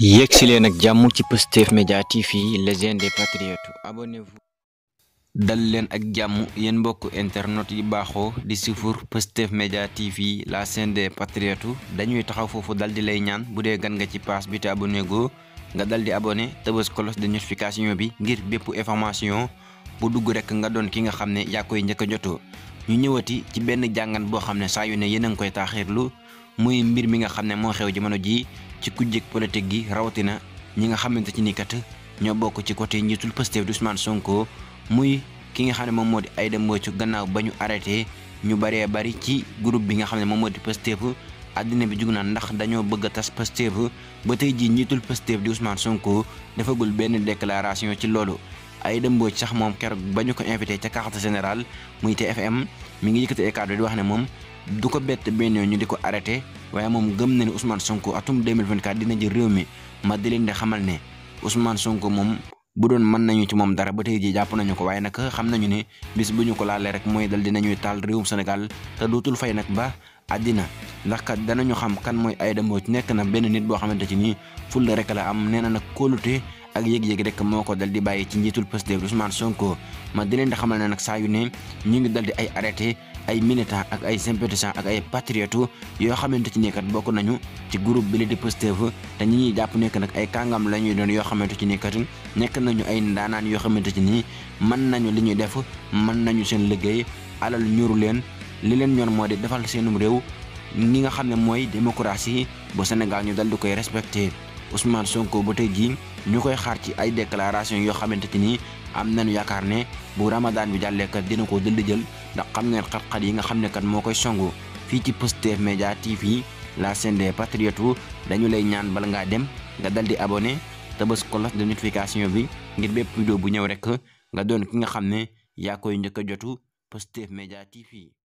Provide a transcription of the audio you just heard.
yéeg si leen ak jàmm ci Pastef Média TV les jeunes des patriotes abonnez-vous dal leen ak jàmm yéen mbokk internet yi baaxoo di sifur Pastef Média TV la chaîne des dañuy taxaw foofu dal di lay ñaan bu dee gan nga ci paas bi te abonné nga dal di abonné tëbës kolos de notification bi ngir bépp information bu dugg rek nga doon ki nga xam ne yaa koy njëkk a ñu ñëwati ci benn jàngan boo xam ne saa yu ne yéen a ngi koy taaxirlu muy mbir mi nga xam ne moo xew jamono jii ci kujjeg politique gi rawatina ñi nga xamante ci ni kat ñoo bokk ci côté njiitul Pastef di Ousmane Sonko muy ki nga xam ne moom moo di Aïda Mbodj gannaaw ba ñu arrêté ñu baree bari ci groupe bi nga xam ne moom moo di Pastef àddina bi jug na ndax dañoo bëgg a tas Pastef ba tey jii njiitul Pastef di Ousmane Sonko defagul benn déclaration ci loolu Aïda Mbodj sax moom keroog ba ñu ko invité ca carte générale muy TFM mu ngi yëkkati ay kàddu di wax ne moom du ko bett benn yoon ñu di ko arrêté waaye moom gëm na ne Ousmane Sonko atum 2024 dina jël réew mi ma di leen di xamal ne Ousmane Sonko moom bu doon mën nañu ci moom dara ba tey ji jàpp nañu ko waaye nag xam nañu ni bis bu ñu ko laalee rek mooy dal dinañuy taal réewum Sénégal te dootul fay nag ba àddina ndax kat danañu xam kan mooy Aïda Mbodj nekk na benn nit boo xamante ci nii fulla rek la am nee na nag kóolute ak yéeg-yéeg rek moo ko dal di bàyyi ci njiitul Pastef Ousmane Sonko ma di leen di xamal ne nag saa yu ne ñu ngi dal di ay arrêté ay militants ak ay sympathisants ak ay patriotes yoo xamante ci kat bokk nañu ci groupe bi la di Pastef te ñi ñuy jàpp nekk nag ay kàngam la ñuy doon yoo xamante ci nekkat nekk nañu ay ndaanaan yoo xamante ci nii mën nañu li ñuy def mën nañu seen liggéey alal ñuru leen li leen ñoon mooy di defal seenum réew ñi nga xam ne mooy démocratie bu Sénégal ñu dal di koy respecté Ousmane Sonko ba tey jii ñu koy xaar ci ay déclaration yoo xamante ni am nañu yaakaar ne bu Ramadan bi jàllee kat dina ko di jël ndax xam ngeen xat-xat yi nga xam ne kat moo koy songu fii ci Pastef Média TV la chaîne des patriotes dañu lay ñaan bala ngaa dem nga dal di abonné te bës cloche de notification bi ngir bépp vidéo bu ñëw rek nga doon ki nga xam ne yaa koy njëkk jotu jotu Pastef Média TV.